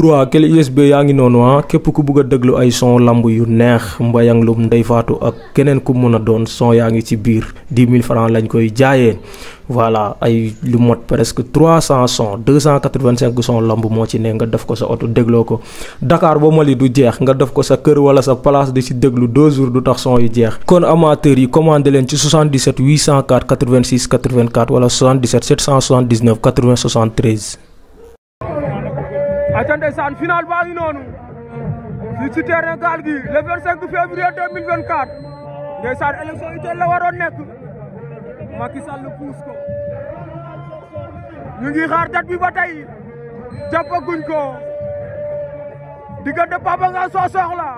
droit kel usb yaangi ngi noonu ah yuneh ku bëgg a ay son lamb yu neex mbayang lu ndey faatu ak keneen ku mëna a doon son yaangi ci biir 10000 francs lañ koy jaayé voilà ay lu mot presque 300 son 285 son lamb mo ci ne nga def ko sa auto dégloo ko dakar bo mali du jeex nga def ko sa kër wala sa place di ci déglu 2 jours du tax son yu jeex kon amateur yi commander len ci 77 804 86 84 wala 77 779 80 73 aca ndeysaan final baa ngi noonu fii ci terrain Gaal Gui le 25 février 2024 ndeysaan élection yi teel la waroon nekk Macky puus ko ñu ngi xaar date bi ba tey jàppaguñ ko diggante Papa Ngagne Sosokh la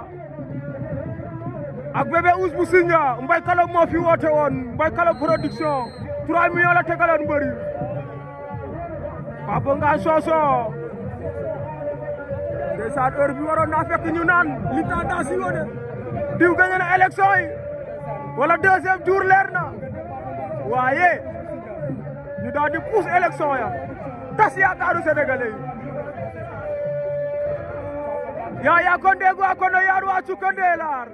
ak bébé Ous bu Sinja Mbay Kala moo woote woon Mbay Kala production 3 la tegaloon mbëri Papa Ngagne Sosokh Desa heure bi waroon naa fekk ñu naan li tendance yi de diw gagné na election, yi wala deuxième tour leer na waaye ñu daal di pousse élection ya tas yaakaaru sénégalais yi Yaya Condé gu akono yaar waacu Condé laar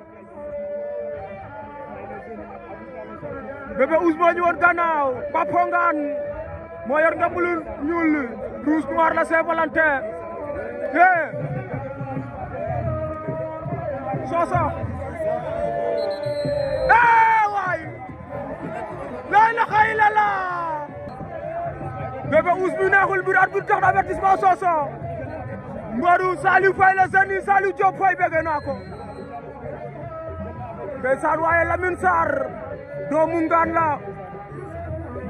bébé Ousmane ñu woon gannaaw Papongaan moo yor ndambulu ñuul rouge noir la Sosa eh waay la ilaha illallah Bébé Ouss bi neexul biir at bu tax na avertissement Sosa Mboru Saliou Faye la seni Saliou Diop Faye bëgg naa ko ndeysaan waaye Lamine Sarr doomu ngaan la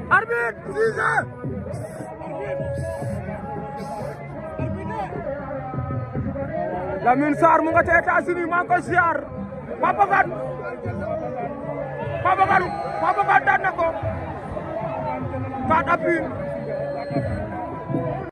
arbitre Cissé Lamine Sarr mu nga ca états maa ngi ko ziar Papa Kane Papa Kane Papa Kane daan na ko Kane appui